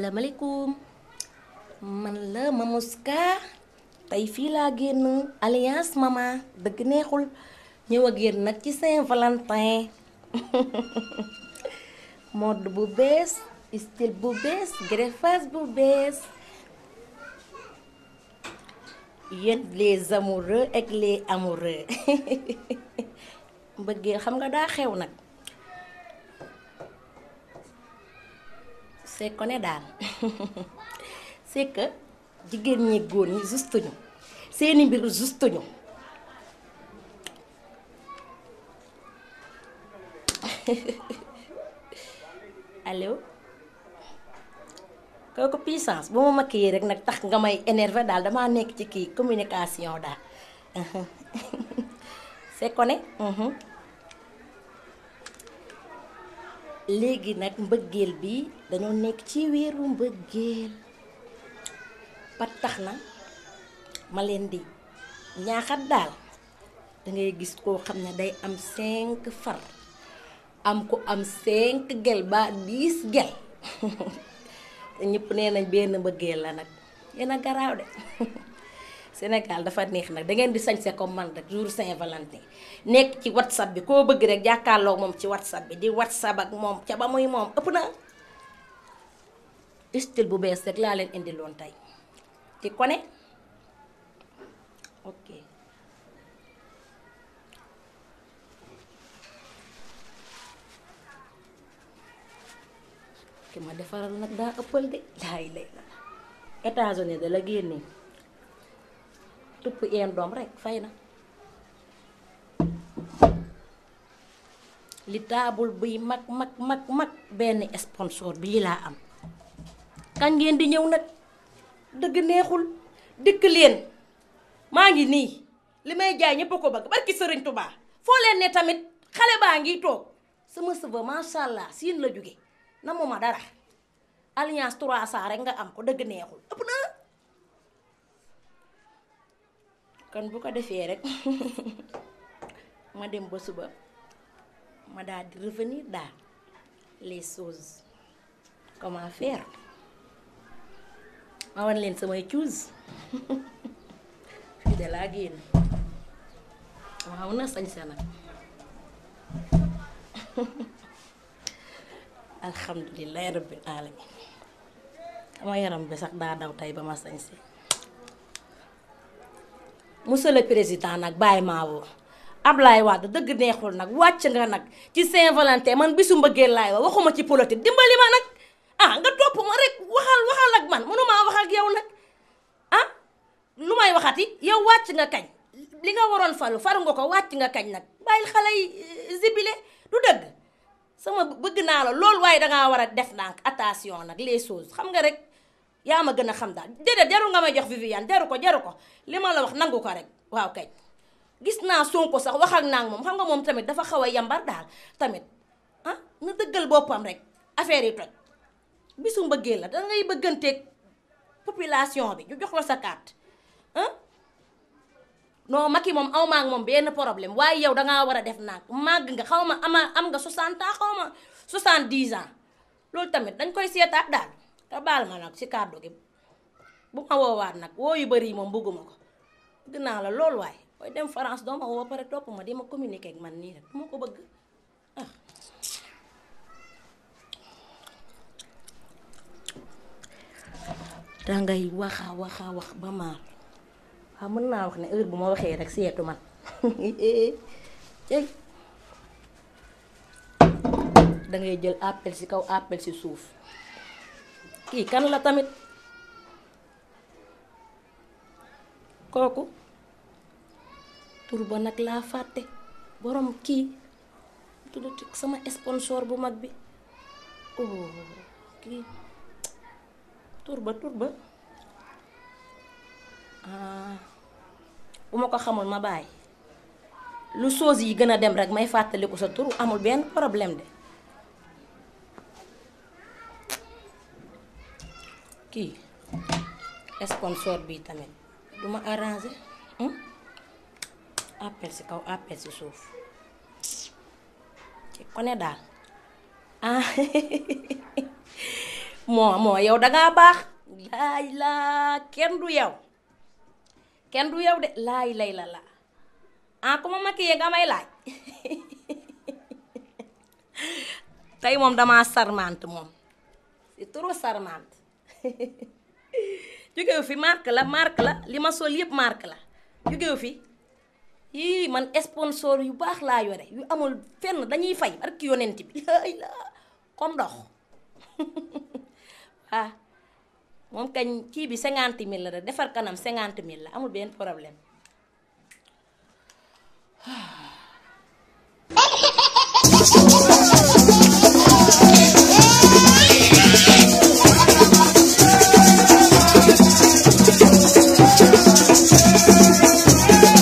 assalamualaikum Mala mamuska tey fii laa alliance mama dëgg neexul ñëw ak ci saint valentin mode bu bes, style bu bes, greffage bu bes. Yen les amoureux ak les amoureux xam nga da xew nak. c'est kone est daal c'est que jigéen ñi góor ñi juste seeni mbir juste ñu allo kooku puissance bu ma makkee rek nag tax nga may énervé daal damaa nekk ci kii communication daal c'est qu'on léegi nag mbëggeel bi dañoo nekk ci weeru mbëggeel ba na ma leen di ñaaxat daal da gis koo xam ne day am cinq far am ku am cinq gel ba dix gel te ñëpp nee benn mbëggeel la nag yéen garaaw de Sénégal dafa neex nag da ngeen di sañ comme man rek jour Saint-Valentin nekk ci whatsapp bi koo bëgg rek jàkkaarloo moom ci whatsapp bi di whatsapp ak moom ca ba muy moom ëpp na style bu bees rek laa leen indiloon loon tey ki ko ne ok ki ma defaral nag daa ëppal de laay lay la États-Unis da la tupp een doom rekk fay na li taabul buy mag mag mag mag benn sponsor bi li laa am kañ ngeen di ñëw nag dëgg neexul dikk leen maa ngi nii li may jaay ñëpp a ko bëgg barki sëriñ Tubaa foo leen ne tamit xale baa ngi toog sama sëba macha allah siin la jóge na mu ma dara alliance 300 rek nga am ko dëgg neexul ëpp na kon bu ko defee rek ma dem ba suba ma daal di revenir daal les choses comment faire ma wan leen samay cuus fii de laa génn waaw na sañ sa nag alhamdulilah rabbil alamin sama yaram bi sax daa daw tey ba ma sañ si monsieur le président nag baay maa woo Ablaye Wade dëgg neexul nag wàcc nga nag ci Saint-Valentin man bisu mbëggeel laay waxuma ci politique dimbali ma nag ah nga topp ma rek waxal waxal ak man mënumaa wax ak yow nag ah lu may waxati yow wàcc nga kañ li nga waroon faru faru nga ko wàcc nga kañ nag bàyyil xale yi euh, zibile du dëgg sama bëgg naa la loolu waaye dangaa war a def ndànk attention nag les choses xam nga rek yaa ma gën a xam daal déedéet jaru nga may jox Viviane jaru ko jaru ko li ma la wax nangu ko rek waaw kay gis naa Sonko sax wax ak naa moom xam nga moom tamit dafa xaw a yambar daal tamit ah na dëggal boppam rek affaire yi toj bisu mbëggee la dangay bëgganteeg population bi ñu jox sa carte ah non Macky moom aw ma benn problème waaye yow dangaa war a def naag màgg nga xaw ma am nga 60 ans xaw ma 70 ans loolu tamit dañ koy seetaat daal. te ma nag ci kàddu gi bu ma woowaat nag woo yu bëri yi moom bëgguma ko bëgg naa la lool waaye booy dem France doo ma woo pare topp ma di ma communiquer ak man nii rek moo ko bëgg ah. dangay waxa waxa wax ba maar ah, waaw mën naa wax ne heure bu ma waxee rek seetu man eh. dangay jël appel ci kaw appel ci suuf kii kan la tamit kooku tur ba nag laa fàtte boroom kii tuddati sama sponsor bu mag bi oh tur ba tur ah, bu ma ko xamul ma bàyyi lu soos yi gën a dem rek may fàttaliku sa tur amul benn problème de. kii sponsor bi tamit du ma arrangé hmm? appel si kaw appel si suuf ci kone daal ah moo moo yow dangaa baax laay laa kenn du yow kenn du yow de laay lay la laa ah ku ma maquillé nga may laaj tey moom damaa sarmante moom c'est trop jógewu fi marque la marque la li ma sol yëpp marque la jógewu fi yii man sponsor yu baax laa yore yu amul fenn dañuy fay barki yonent bi ay la comme ndox ah moom kañ kii bi cinquante mille la defar kanam cinquante mille la amul benn problème